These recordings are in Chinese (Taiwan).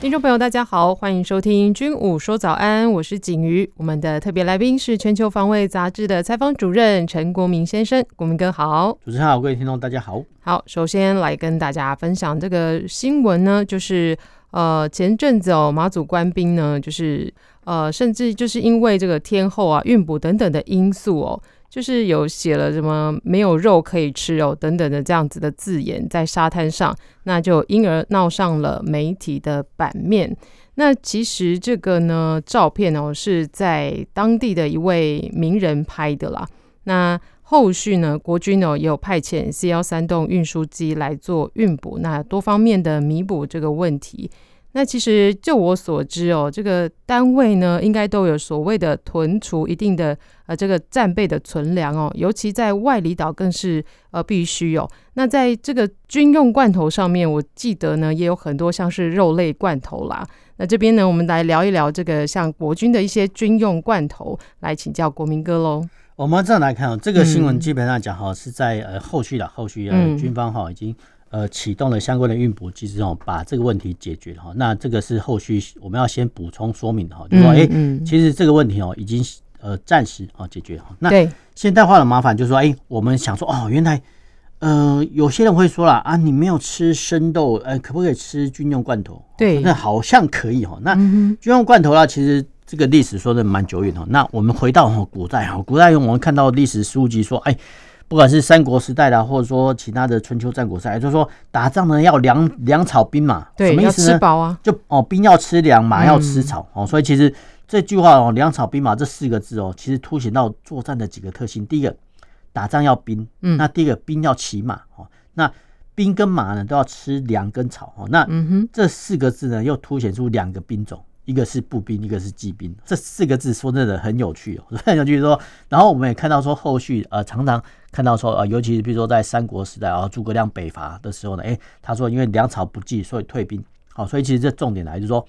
聽眾朋友，大家好，歡迎收聽《軍武說早安》，我是景瑜。我們的特別來賓是《全球防衛雜誌》的採訪主任陳國銘先生，國銘哥好。主持人好，各位聽眾大家好。好，首先來跟大家分享這個新聞呢，就是呃前陣子哦，馬祖官兵呢，就是呃甚至就是因為這個天候啊、運補等等的因素哦。就是有寫了什麼沒有肉可以吃哦等等的這樣子的字眼在沙灘上，那就因而鬧上了媒體的版面。那其實這個呢，照片哦是在當地的一位名人拍的啦。那後續呢，國軍哦也有派遣 C 幺三洞運輸機來做運補，那多方面的彌補這個問題。那其實就我所知哦，這個單位呢，應該都有所謂的囤儲一定的呃這個戰備的存糧哦，尤其在外離島更是呃必須有、哦。那在這個軍用罐頭上面，我記得呢也有很多像是肉類罐頭啦。那這邊呢，我們來聊一聊這個像國軍的一些軍用罐頭，來請教國銘哥嘍。我們這樣來看哦，這個新聞基本上講哈、嗯、是在呃後續的後續呃、嗯、軍方哈已經。呃，啟動了相關的運補機制哦，把這個問題解決了哈。那這個是後續我們要先補充說明的哈，就是、說哎、嗯嗯欸，其實這個問題哦，已經呃暫時啊解決哈。那現代化的麻煩就是說，哎、欸，我們想說哦，原來呃有些人會說了啊，你沒有吃生豆，哎、欸、可不可以吃軍用罐頭？對，那好像可以哈。那軍用罐頭啊，其實這個歷史說的蠻久遠的。那我們回到古代哈，古代用我們看到歷史書籍說，哎、欸。不管是三國時代的，或者說其他的春秋戰國賽，也就是說打仗呢要糧糧草兵馬，對，什麼意思呢？要吃飽啊，就哦兵要吃糧，馬要吃草、嗯、哦，所以其實這句話哦“糧草兵馬”這四個字哦，其實凸顯到作戰的幾個特性。第一個，打仗要兵，嗯、那第一個兵要騎馬哦，那兵跟馬呢都要吃糧跟草哦，那嗯哼這四個字呢又凸顯出兩個兵種。一個是步兵，一個是騎兵，這四個字說真的很有趣哦，很有趣。說，然後我們也看到說，後續、呃、常常看到說、呃、尤其是比如說在三國時代啊，諸葛亮北伐的時候呢，誒他說因為糧草不濟，所以退兵。好、哦，所以其實這重點來就是說，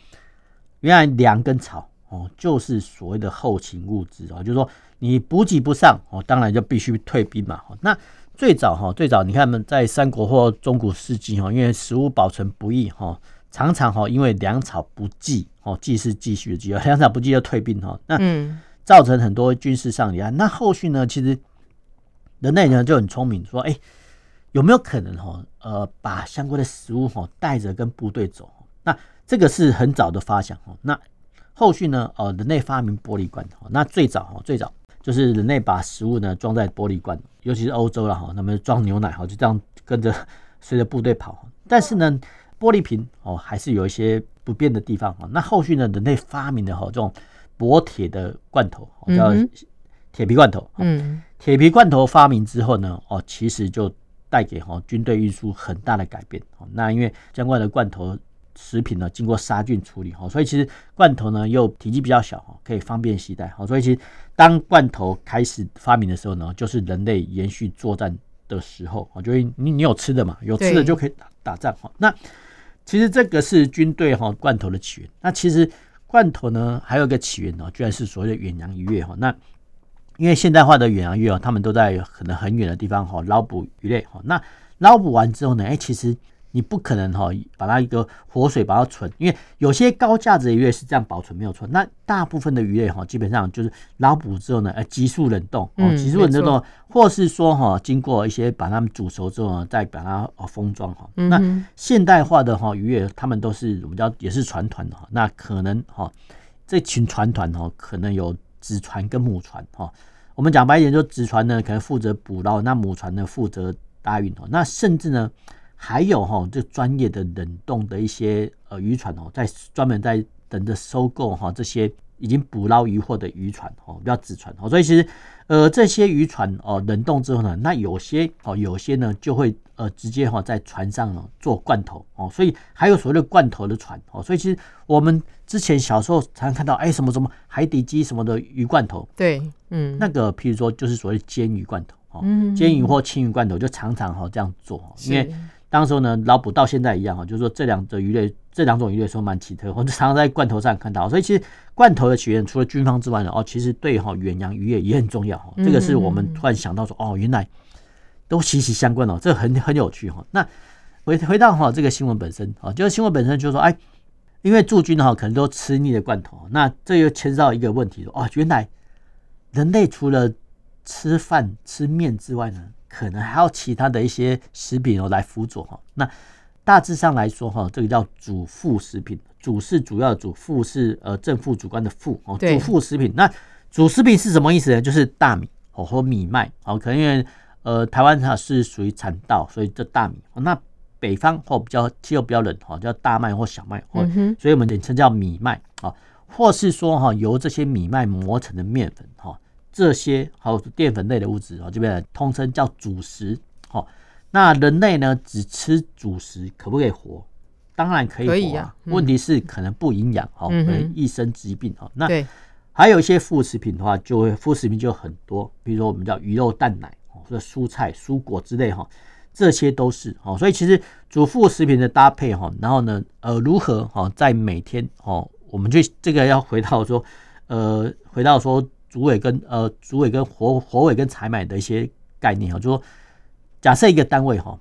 原來糧跟草哦，就是所謂的後勤物資啊、哦，就是說你補給不上哦，當然就必須退兵嘛。哦、那最早哈、哦，最早你看在三國或中古世紀哈、哦，因為食物保存不易哈。哦常常哈，因為糧草不繼，哦，繼是繼續的繼，糧草不繼就退兵哈，那造成很多軍事上的、嗯、那後續呢，其實人類呢就很聰明說，說哎，有沒有可能哈，呃，把相關的食物哈帶着跟部隊走？那這個是很早的發想，那後續呢，呃，人類發明玻璃罐，那最早哈，最早就是人類把食物呢裝在玻璃罐，尤其是歐洲了哈，他們裝牛奶哈，就這樣跟着隨着部隊跑。但是呢。玻璃瓶哦，還是有一些不便的地方、哦、那後續呢，人類發明的哈、哦、這種薄鐵的罐頭，哦、叫鐵皮罐頭。哦、嗯，鐵皮罐頭發明之後呢，哦，其實就帶給哈、哦、軍隊運輸很大的改變。哦、那因為將罐的罐頭食品呢，經過殺菌處理哈、哦，所以其實罐頭呢又體積比較小，可以方便攜帶、哦。所以其實當罐頭開始發明的時候呢，就是人類延續作戰的時候啊、哦，就是你你有吃的嘛，有吃的就可以打對打仗、哦。那其實這個是軍隊哈罐頭的起源，那其實罐頭呢，還有一個起源哦，居然是所謂的遠洋漁業哈。那因為現代化的遠洋漁業哦，他們都在可能很遠的地方哈撈捕魚類哈。那撈捕完之後呢，哎、欸，其實。你不可能哈、哦、把它一個活水把它存，因為有些高價值的魚類是這樣保存沒有存。那大部分的魚類哈、哦、基本上就是撈捕之後呢，急速冷凍、哦，急速冷凍，嗯、或是說哈、哦、經過一些把它們煮熟之後呢，再把它封裝哈、哦。嗯、哼那現代化的哈、哦、魚類他們都是我們叫也是船團的哈、哦。那可能哈、哦、這群船團哈、哦、可能有子船跟母船哈、哦。我們講白一點，就子船呢可能負責捕撈，那母船呢負責搭運、哦、那甚至呢。還有哈，這專業的冷凍的一些漁船哦，在專門在等着收購哈這些已經捕撈漁獲的漁船哦，叫紙船哦。所以其實呃這些漁船哦冷凍之後呢，那有些哦有些呢就會呃直接哈在船上呢做罐頭哦。所以還有所謂的罐頭的船哦。所以其實我們之前小時候常常看到哎什麼什麼海底雞什麼的魚罐頭，對，嗯，那個譬如說就是所謂鰹魚罐頭哦，鰹魚或鯖魚罐頭就常常哈這樣做，因為。當時候呢，老捕到現在一樣哈，就是說這兩種魚類，這兩種魚類說蠻奇特，我們常常在罐頭上看到，所以其實罐頭的起源除了軍方之外呢，哦，其實對哈遠洋漁業也很重要，這個是我們突然想到說哦，原來都息息相關哦，這很很有趣哈、哦。那回回到哈、哦、這個新聞本身啊、哦，就是新聞本身就是說哎，因為駐軍哈可能都吃膩了罐頭，那這又牽涉到一個問題哦，原來人類除了吃飯吃面之外呢，可能還有其他的一些食品哦來輔佐哈。那大致上來說哈，這個叫主副食品。主是主要的主，副是呃正副主官的副哦。主副食品。那主食品是什麼意思呢？就是大米哦，或米麥哦。可能因為呃，台灣它是屬於產稻，所以這大米。那北方或比較氣候比較冷哈，叫大麥或小麥或。所以我們簡稱叫米麥啊，或是說哈由這些米麥磨成的麵粉哈。這些還有澱粉類的物質啊，這邊通稱叫主食。那人類呢只吃主食可不可以活？當然可以活啊。啊嗯、問題是可能不營養哦，嗯、哼可能易生疾病。嗯、哼那對還有一些副食品的話，就會副食品就很多，比如說我們叫魚肉、蛋奶、蔬菜、蔬果之類，這些都是。所以其實主副食品的搭配，然後呢，呃、如何在每天我們就這個要回到說，呃，回到說。主委跟呃，主委跟火火委跟採買的一些概念啊、哦，就說假設一個單位哈、哦，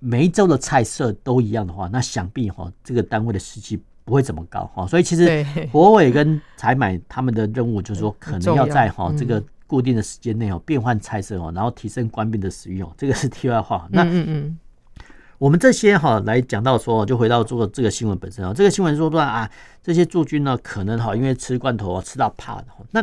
每一周的菜色都一樣的話，那想必哈、哦、這個單位的士氣不會怎麼高哈、哦，所以其實火委跟採買他們的任務就是說可能要在哈這個固定的時間內哦變換菜色哦，然後提升官兵的食欲哦，這個是題外話。那嗯嗯，我們這些哈、哦、來講到說，就回到這個這個新聞本身啊、哦，這個新聞說段啊，這些駐軍呢可能哈因為吃罐頭吃到怕的哈，那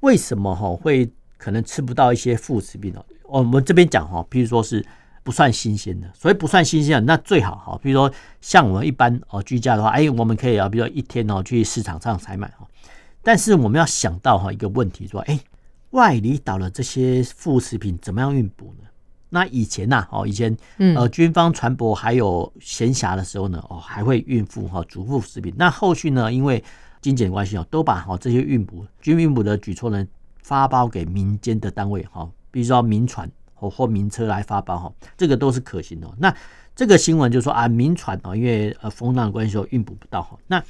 為什麼哈會可能吃不到一些副食品？我們這邊講哈，比如說是不算新鮮的，所以不算新鮮的那最好哈，比如說像我們一般哦居家的話，哎、欸，我們可以啊，比如說一天哦去市場上採買。但是我們要想到哈一個問題說，說、欸、哎，外離島的這些副食品怎麼樣運補呢？那以前吶、啊、哦，以前呃軍方船舶還有閒暇的時候呢哦，還會運補哈主副食品。那後續呢，因為精簡關係哦、喔,都把哈這些運補軍運補的舉措呢發包給民間的單位哈、喔，比如說民船或、喔、或民車來發包哈、喔，這個都是可行的、喔。那這個新聞就是說啊，民船哦、喔，因為呃風浪的關係哦，運補不到哈、喔。那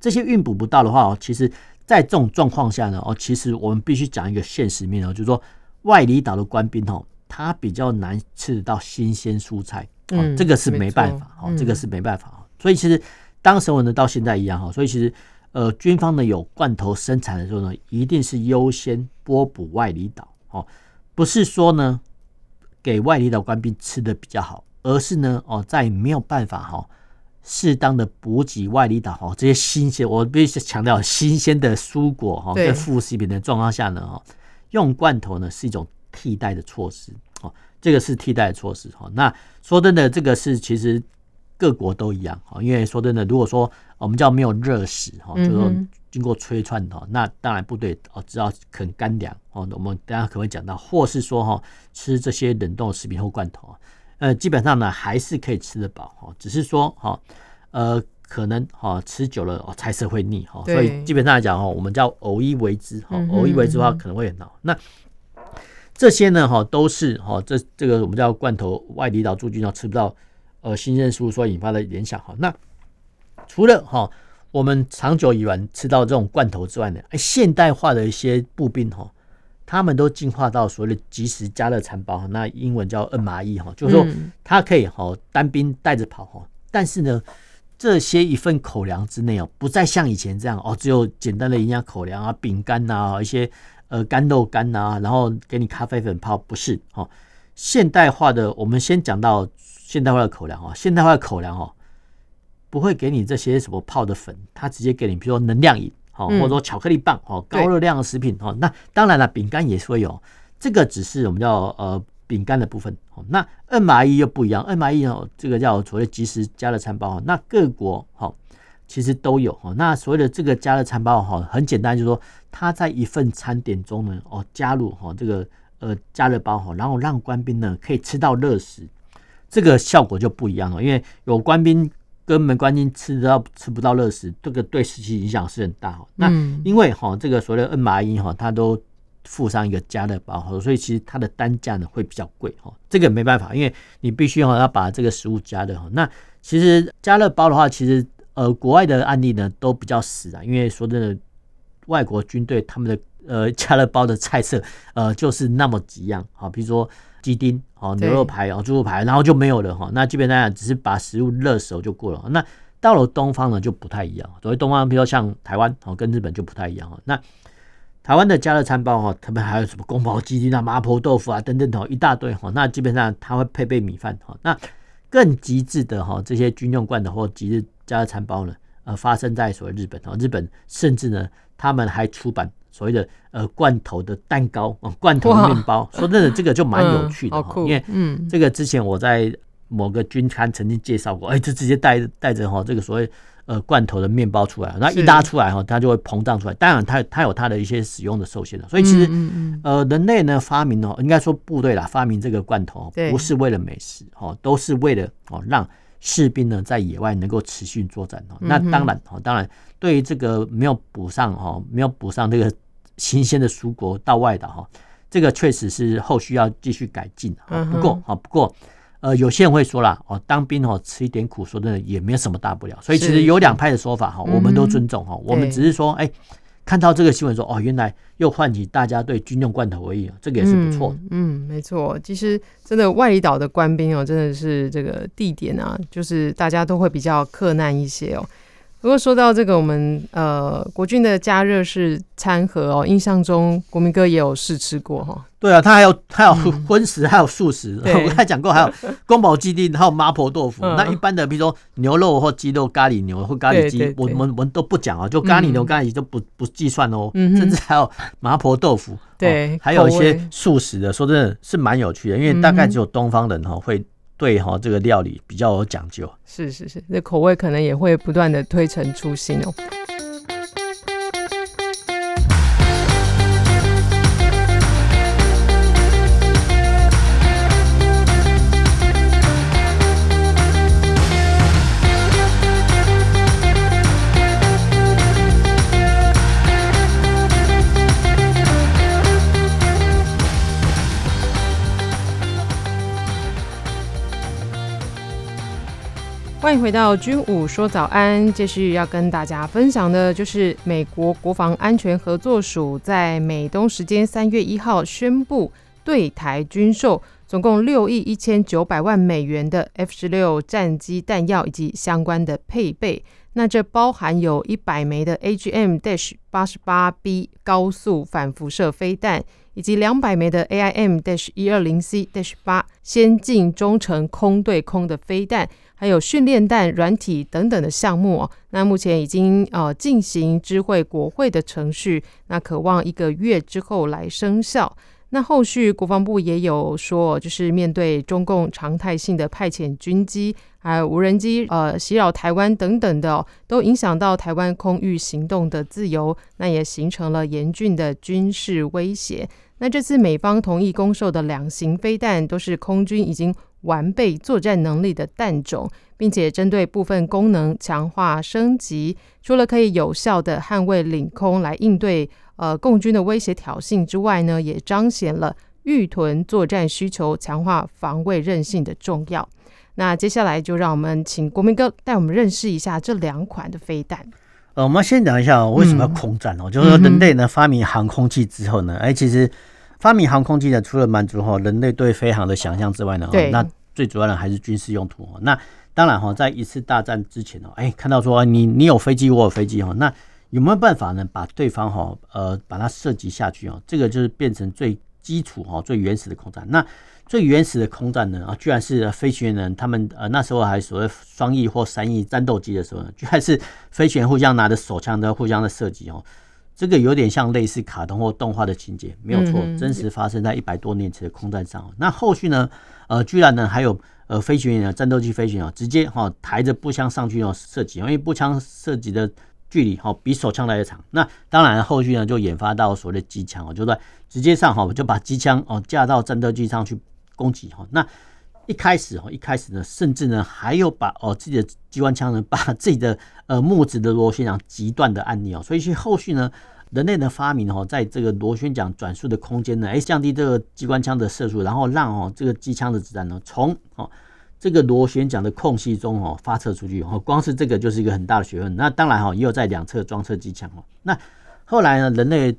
這些運補不到的話哦、喔，其實，在這種狀況下呢哦、喔，其實我們必須講一個現實面哦、喔，就是說外離島的官兵哦、喔，他比較難吃得到新鮮蔬菜、嗯喔，這個是沒辦法，錯喔、這個是沒辦法、嗯、所以其實當時我呢到現在一樣哈、喔，所以其實。呃，軍方呢有罐頭生產的時候呢，一定是優先撥補外離島哦，不是說呢給外離島官兵吃的比較好，而是呢哦，在沒有辦法哈哦、適當的補給外離島哦，這些新鮮，我必須強調新鮮的蔬果哈、哦、跟副食品的狀況下呢哦，用罐頭呢是一種替代的措施哦，這個是替代的措施哦。那說真的，這個是其實各國都一樣哦，因為說真的，如果說。我們叫沒有熱食哈，就是、說經過炊爨、嗯、哼那當然部隊哦只要啃乾糧我們大家可能會講到，或是說哈吃這些冷凍食品或罐頭啊，呃，基本上呢還是可以吃得飽哈，只是說哈呃可能哈、呃、吃久了菜色會膩，哈，所以基本上來講哈，我們叫偶一為之哈，偶一為之的話可能會很惱。嗯哼嗯哼，那這些呢哈都是哈、哦、這這個我們叫罐頭外離島駐軍要吃不到呃新鮮食物所引發的聯想哈，那。除了哈，我們長久以來吃到這種罐頭之外呢，哎，現代化的一些步兵哈，他們都進化到所謂的即食加熱餐包，那英文叫 MRE 哈，就是說它可以哈單兵帶着跑哈。嗯、但是呢，這些一份口糧之內哦，不再像以前這樣哦，只有簡單的營養口糧啊、餅乾吶、一些呃乾豆乾吶，然後給你咖啡粉泡不是哈。現代化的，我們先講到現代化的口糧啊，現代化的口糧哦。不會給你這些什麼泡的粉，它直接給你，比如說能量飲，好，或者說巧克力棒，嗯、高熱量的食品，對那當然了，餅乾也是會有，這個只是我們叫呃餅乾的部分。那 MRE 又不一樣，MRE 呢，這個叫所謂即時加熱餐包，那各國哈其實都有哈。那所謂的這個加熱餐包，哈，很簡單，就是說他在一份餐點中呢，哦，加入哈這個呃加熱包，哈，然後讓官兵呢可以吃到熱食，這個效果就不一樣了，因為有官兵。根本關鍵，吃到吃不到熱食，這個對士氣影響是很大哦。那因為哈，這個所謂的 MRE 哈，它都附上一個加熱包，所以其實它的單價呢會比較貴哦。這個沒辦法，因為你必須要把這個食物加熱哈。那其實加熱包的話，其實呃國外的案例呢都比較死啊，因為說真的，外國軍隊他們的呃加熱包的菜色呃就是那麼幾樣啊，比如說。雞丁，哦，牛肉排，哦，豬肉排，然後就沒有了哈。對那基本上只是把食物熱熟就過了。那到了東方呢，就不太一樣。所謂東方，比如說像台灣，哦，跟日本就不太一樣哈。那台灣的加熱餐包啊，他們還有什麼宮保雞丁啊、麻婆豆腐啊等等哦，一大堆哈。那基本上它會配備米飯哈。那更極致的哈，這些軍用罐頭或極致加熱餐包呢，呃，發生在所謂日本哦。日本甚至呢，他們還出版。所謂的呃罐頭的蛋糕，呃、罐頭麵包，哇說真的，這個就蠻有趣的哈，嗯、因為這個之前我在某個軍刊曾經介紹過，哎、嗯欸，就直接帶帶着哈這個所謂呃罐頭的麵包出來，那一拉出來哈，它就會膨脹出來。當然它，它它有它的一些使用的受限了，所以其實、嗯嗯、呃，人類呢發明哦，應該說部隊啦發明這個罐頭，不是為了美食哦，都是為了哦讓。士兵呢，在野外能夠持續作戰、嗯、哼那當然當然對於這個沒有補上哈，沒有補上這個新鮮的蔬果到外的哈，這個確實是後續要繼續改進的。不過啊，不過，不過呃，有些人會說了，當兵哦吃一點苦，說的也沒有什麼大不了。所以其實有兩派的說法哈，是是我們都尊重哈。嗯、哼我們只是說哎。誒看到這個新聞說，哦，原來又喚起大家對軍用罐頭回憶，這個也是不錯。嗯，嗯，沒錯，其實真的外島的官兵哦，真的是這個地點啊，就是大家都會比較克難一些哦。如果說到這個，我們呃國軍的加熱式餐盒哦，印象中國民哥也有試吃過哈。對啊，他還有還有葷食，還有素食。我剛才講過，還有宮保雞丁，還有麻婆豆腐。那一般的，比如說牛肉或雞肉咖喱牛或咖喱雞，我我們我們都不講啊，就咖喱牛咖喱都不不計算哦。甚至還有麻婆豆腐，對，還有一些素食的。說真的是蠻有趣的，因為大概只有東方人哈會。對哈、哦，這個料理比較有講究。是是是，這口味可能也會不斷的推陳出新哦。歡迎回到軍武說早安。繼續要跟大家分享的，就是美國國防安全合作署在美東時間三月一號宣布，對台軍售總共六億一千九百萬美元的 F 十六戰機彈藥以及相關的配備。那這包含有一百枚的 AGM dash 八十八 B 高速反輻射飛彈，以及兩百枚的 AIM dash 一二零 C dash 八先進中程空對空的飛彈。還有訓練彈、軟體等等的項目。那目前已經呃進行知會國會的程序，那可望一個月之後來生效。那後續國防部也有說，就是面對中共常態性的派遣軍機、還有無人機呃襲擾台灣等等的，都影響到台灣空域行動的自由，那也形成了嚴峻的軍事威脅。那這次美方同意供售的兩型飛彈，都是空軍已經。完備作戰能力的彈種，並且針對部分功能強化升級，除了可以有效的捍衛領空，來應對呃共軍的威脅挑釁之外呢，也彰顯了預囤作戰需求、強化防衛韌性的重要。那接下來就讓我們請國銘哥帶我們認識一下這兩款的飛彈。呃，我們先講一下、喔、為什麼要空戰哦、喔，嗯、就是說人類呢、嗯、哼發明航空器之後呢，哎、欸，其實。發明航空機呢，除了滿足哈人類對飛航的想象之外呢，對那最主要的還是軍事用途。那當然哈，在一次大戰之前哦，哎，看到說你你有飛機，我有飛機哈，那有沒有辦法呢，把對方哈呃把它射擊下去哦？這個就是變成最基礎哈最原始的空戰。那最原始的空戰呢啊，居然是飛行員他們呃那時候還所謂雙翼或三翼戰鬥機的時候呢，居然是飛行員互相拿着手槍在互相的射擊哦。這個有點像類似卡通或動畫的情節，沒有錯，真實發生在一百多年前的空戰上。嗯、那後續呢？呃，居然呢還有呃飛行員啊，戰鬥機飛行員啊，直接哈、哦、抬着步槍上去哦射擊，因為步槍射擊的距離哈、哦、比手槍來得長。那當然後續呢就研發到所謂的機槍哦，就對，直接上哈，我、哦、就把機槍哦架到戰鬥機上去攻擊哈、哦、那。一開始哦，一開始呢，甚至呢，還有把哦自己的機關槍呢，把自己的呃木質的螺旋槳擊斷的案例哦，所以去後續呢，人類的發明哦，在這個螺旋槳轉速的空間呢，哎降低這個機關槍的射速，然後讓哦這個機槍的子彈呢，從哦這個螺旋槳的空隙中哦發射出去，哦，光是這個就是一個很大的學問。那當然哈、哦，也有在兩側裝車機槍哦。那後來呢，人類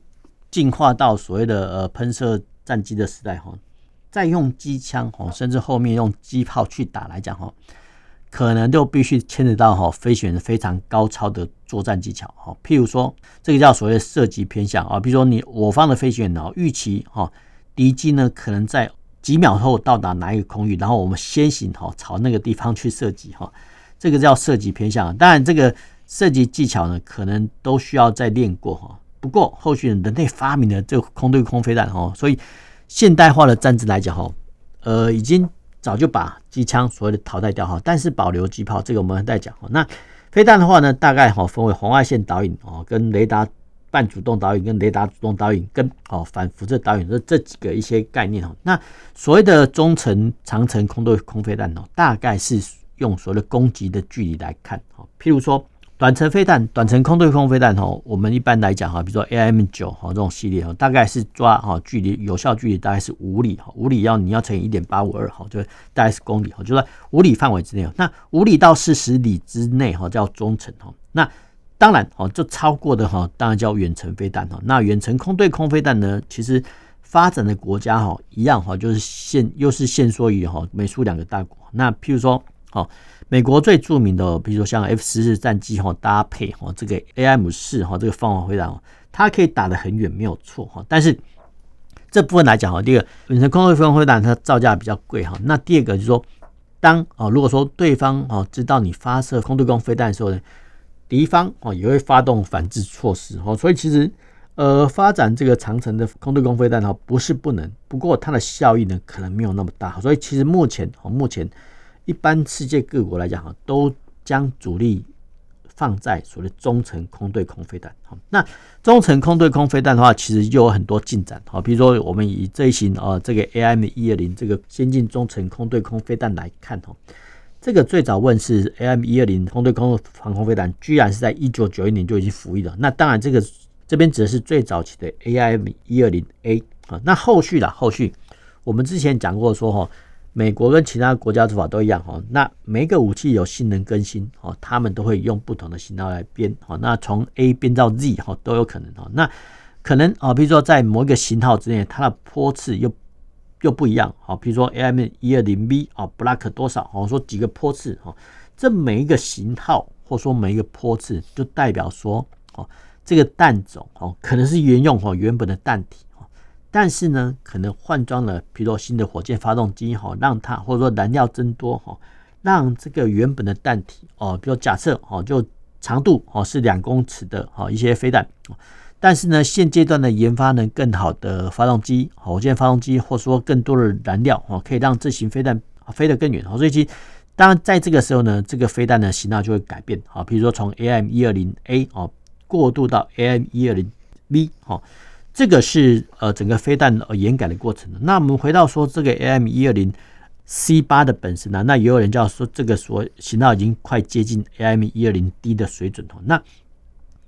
進化到所謂的呃噴射戰機的時代哈。哦再用機槍哦，甚至後面用機炮去打來講哦，可能就必須牽扯到哈飛行員非常高超的作戰技巧哦。譬如說，這個叫所謂的射擊偏向啊，比如說你我方的飛行員哦，預期哈敵機呢可能在幾秒後到達哪一個空域，然後我們先行哈朝那個地方去射擊哈，這個叫射擊偏向。當然，這個射擊技巧呢，可能都需要再練過哈。不過後續人類發明的這個空對空飛彈哦，所以。現代化的戰爭來講，哈，呃，已經早就把機槍所謂的淘汰掉，哈，但是保留機炮，這個我們還在講，哈。那飛彈的話呢，大概哈分為紅外線導引，哦，跟雷達半主動導引，跟雷達主動導引，跟哦反輻射導引，這這幾個一些概念，哈。那所謂的中程、長程空對空飛彈呢，大概是用所謂的攻擊的距離來看，哈。譬如說。短程飛彈，短程空對空飛彈哈，我們一般來講哈，比如說 AIM-9 哈這種系列哈，大概是抓哈距離，有效距離大概是五里哈，五里要你要乘以一點八五二哈，就大概是公里哈，就在五里範圍之內。那五里到四十里之內哈叫中程哈，那當然哈，就超過的哈當然叫遠程飛彈哈。那遠程空對空飛彈呢，其實發展的國家哈一樣哈，就是限又是限縮於哈美蘇兩個大國。那譬如說哈。美國最著名的，比如說像 F-14 戰機哈，搭配哈這個 AIM 四哈這個防空飛彈，它可以打得很遠，沒有錯哈。但是這部分來講哈，第一個本身空對空飛彈它造價比較貴哈。那第二個就是說，當哦如果說對方哦知道你發射空對空飛彈的時候呢，敵方哦也會發動反制措施哦。所以其實呃發展這個長程的空對空飛彈哈不是不能，不過它的效益呢可能沒有那麼大。所以其實目前哦目前。一般世界各國來講哈，都將主力放在所謂中程空對空飛彈。好，那中程空對空飛彈的話，其實就有很多進展。好，比如說我們以這一型啊，這個 AIM 一二零這個先進中程空對空飛彈來看，哈，這個最早問世 AIM 一二零空對空的防空飛彈，居然是在一九九一年就已經服役了。那當然、這個，這個這邊指的是最早期的、AM、AIM 一二零 A 啊。那後續的後續，我們之前講過說哈。美國跟其他國家做法都一樣哦，那每一個武器有性能更新哦，他們都會用不同的型號來編哦，那從 A 編到 Z 哈都有可能哦。那可能啊，比如說在某一個型號之內，它的波次又又不一樣哦，比如說 AIM 一二零 B 啊，Block 多少哦，說幾個波次哦，這每一個型號或說每一個波次就代表說哦，這個彈種哦，可能是沿用哦原本的彈體。但是呢，可能換裝了比如說新的火箭發動機哈，讓它或者說燃料增多哈，讓這個原本的彈體哦，比如假設哦，就長度哦是兩公尺的哦一些飛彈，但是呢，現階段的研發呢，更好的發動機，火箭發動機或說更多的燃料哦，可以讓這型飛彈飛得更遠哦。所以其實當然在這個時候呢，這個飛彈的型號就會改變啊，比如說從 AIM 一二零 A 哦，過渡到 AIM 一二零 B 哦。這個是呃整個飛彈研改的過程。那我們回到說這個 AIM 一二零 C 八的本身呢，那也有人叫說這個所型態已經快接近 AIM 一二零 D 的水準了。那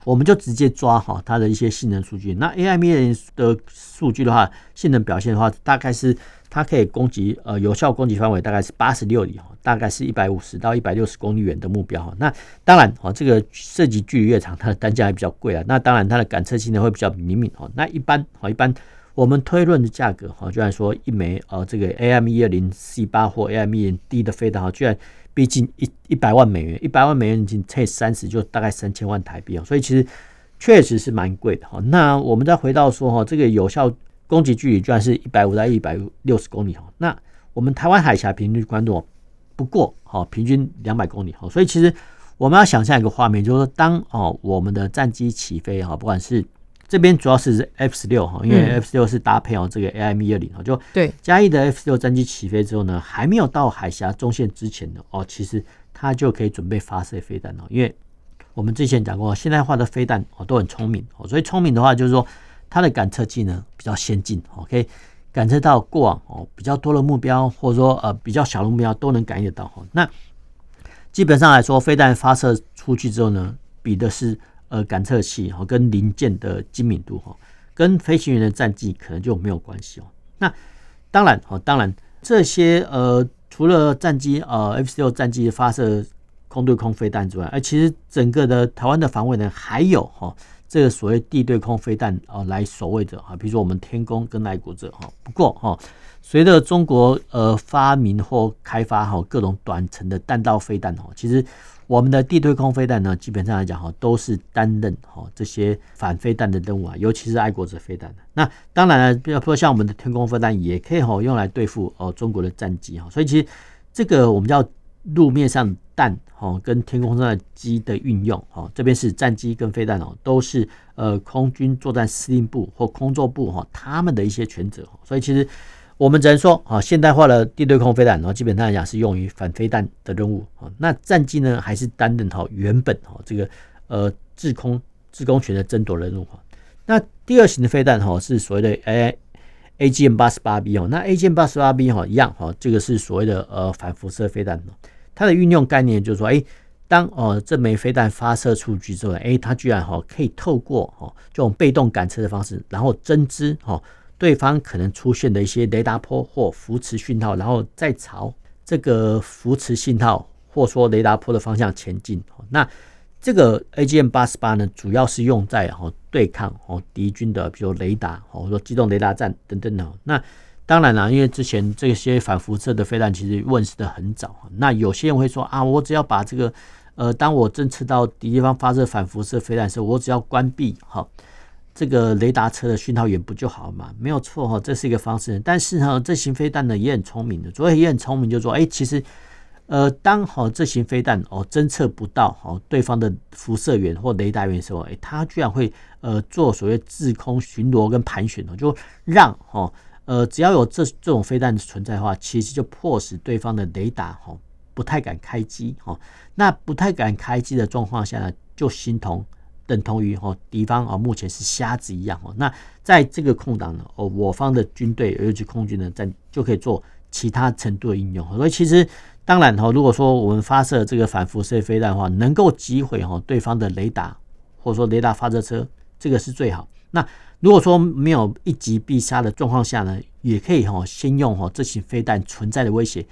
我們就直接抓哈它的一些性能數據。那 AIM 一二零的數據的話，性能表現的話，大概是它可以攻擊呃有效攻擊範圍大概是八十六里哈，大概是一百五十到一百六十公里遠的目標哈。那當然哈，這個射擊距離越長，它的單價也比較貴啊。那當然，它的感測性能會比較靈敏哦。那一般哈，一般我們推論的價格哈，就算說一枚呃這個 AIM 一二零 C 八或 AIM 一二零 D 的飛彈哈，居然。畢竟一一百萬美元，一百萬美元已經乘三十，就大概三千萬台幣哦，所以其實確實是蠻貴的哈。那我們再回到說哈，這個有效攻擊距離居然，是一百五到一百六十公里哈。那我們台灣海峽平均寬度不過哈，平均兩百公里哈，所以其實我們要想象一個畫面，就是說當哦我們的戰機起飛哈，不管是這邊主要是 F 十六哈，因為 F 十六是搭配哦這個 AIM 一二零哦，就對，嘉義的 F 十六戰機起飛之後呢，還沒有到海峽中線之前呢，哦，其實它就可以準備發射飛彈哦，因為我們之前講過，現代化的飛彈哦都很聰明哦，所以聰明的話就是說它的感測器呢比較先進，OK，感測到過往哦比較多的目標，或者說呃比較小的目標都能感應得到哦。那基本上來說，飛彈發射出去之後呢，比的是。呃，感測器哈，跟零件的精密度哈，跟飛行員的戰績可能就沒有關係哦。那當然哈，當然，當然這些呃，除了戰機呃 F 十六戰機發射空對空飛彈之外，哎、呃，其實整個的台灣的防衛呢，還有哈、哦，這個所謂地對空飛彈啊、哦，來守衛者哈，比如說我們天弓跟愛國者哈。不過哈，隨、哦、着中國呃發明或開發哈、哦、各種短程的彈道飛彈哦，其實。我們的地對空飛彈呢，基本上來講哈，都是擔任哈這些反飛彈的任務啊，尤其是愛國者飛彈。那當然了，比如說像我們的天空飛彈，也可以哈用來對付哦中國的戰機哈。所以其實這個我們叫陸面上彈哈跟天空上的機的運用哈，這邊是戰機跟飛彈哈，都是呃空軍作戰司令部或空作部哈他們的一些權責哈。所以其實。我們只能說，啊，現代化的地對空飛彈，然後基本上來講是用於反飛彈的任務，啊，那戰機呢還是擔任好原本哈這個呃制空制空權的爭奪任務。那第二型的飛彈哈是所謂的哎 A G M 八十八 B 哦，那 A G M 八十八 B 好一樣哈，這個是所謂的呃反輻射飛彈，它的運用概念就是說，哎、欸，當哦這枚飛彈發射出去之後，哎、欸，它居然好可以透過哈這種被動感測的方式，然後偵知哈。對方可能出現的一些雷達波或扶持訊號，然後再朝這個扶持訊號或說雷達波的方向前進。那這個 AGM 八十八呢，主要是用在哈對抗哈敵軍的，比如雷達，或者說機動雷達站等等的。那當然了啊，因為之前這些反輻射的飛彈其實問世的很早。那有些人會說啊，我只要把這個，呃，當我偵測到敵方發射反輻射飛彈時，我只要關閉哈。啊這個雷達車的訊號源不就好嘛？沒有錯哈，這是一個方式。但是呢，這型飛彈呢也很聰明的，所以也很聰明，聰明就是說哎，其實呃，當好這型飛彈哦偵測不到好對方的輻射源或雷達源的時候，哎，它居然會呃做所謂滯空巡邏跟盤旋的，就讓哈呃只要有這這種飛彈存在的話，其實就迫使對方的雷達哈不太敢開機哈、哦。那不太敢開機的狀況下呢，就形同。等同於哈敵方啊，目前是瞎子一樣哦。那在這個空檔呢，哦我方的軍隊，尤其是空軍呢，在就可以做其他程度的應用。所以其實當然哦，如果說我們發射這個反輻射飛彈的話，能夠擊毀哈對方的雷達或者說雷達發射車，這個是最好。那如果說沒有一擊必殺的狀況下呢，也可以哈先用哈這型飛彈存在的威脅，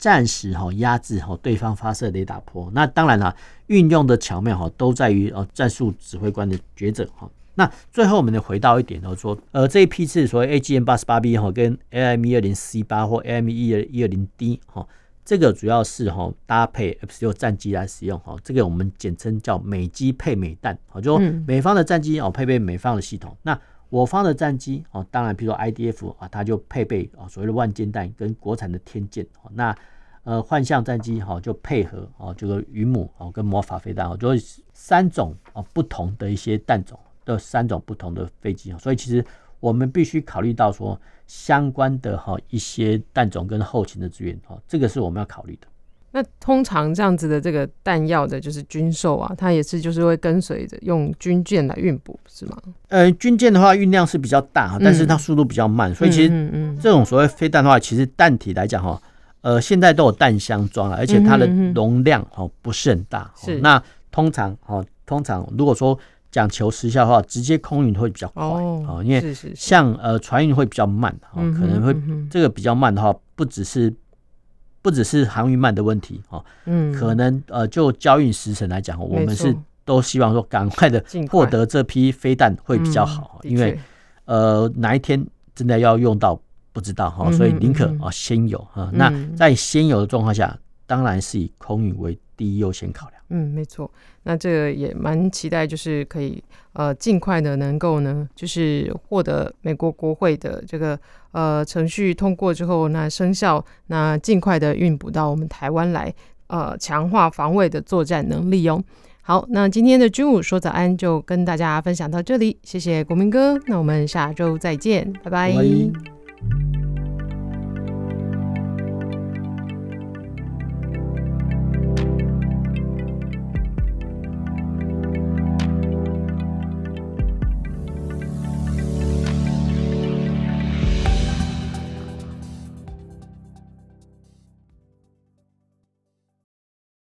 暫時哈壓製哈對方發射的打破，那當然啦、啊，運用的巧妙哈都在於哦戰術指揮官的抉擇哈。那最後我們得回到一點哦，說呃這一批次所謂 AGM 八十八 B 哈跟 AIM 一二零 C 八或 AIM 一二一二零 D 哈，這個主要是哈搭配 F 十六戰機來使用哈，這個我們簡稱叫美機配美彈，好就美方的戰機哦配備美方的系統、嗯、那。我方的戰機哦，當然，譬如說 IDF 啊，它就配備啊所謂的萬劍彈跟國產的天劍。那呃，幻象戰機好，就配合啊這個雲母啊跟魔法飛彈，就是三種啊不同的一些彈種、這三種不同的飛機。所以其實我們必須考慮到說相關的哈一些彈種跟後勤的資源哈，這個是我們要考慮的。那通常這樣子的這個彈藥的，就是軍售啊，它也是就是會跟隨着用軍艦來運補，是嗎？呃，軍艦的話運量是比較大，但是它速度比較慢，嗯、所以其實這種所謂飛彈的話，其實彈體來講哈，呃，現在都有彈箱裝了，而且它的容量哦不是很大。是、嗯嗯嗯、那通常哦，通常如果說講求時效的話，直接空運會比較快哦，因為像是是是呃船運會比較慢哦，可能會這個比較慢的話，不只是。不只是航運慢的問題哈，嗯，可能呃，就交運時程來講，我們是都希望說趕快的獲得這批飛彈會比較好，嗯、因為呃，哪一天真的要用到不知道哈，所以寧可啊先有哈。嗯嗯嗯、那在先有的狀況下，當然是以空運為第一優先考量。嗯，沒錯。那這個也蠻期待，就是可以呃儘快的能夠呢，就是獲得美國國會的這個呃程序通過之後，那生效，那儘快的運補到我們台灣來，呃，強化防衛的作戰能力喲、喔。好，那今天的軍武說早安就跟大家分享到這裡，謝謝國銘哥，那我們下周再見，拜拜。拜拜。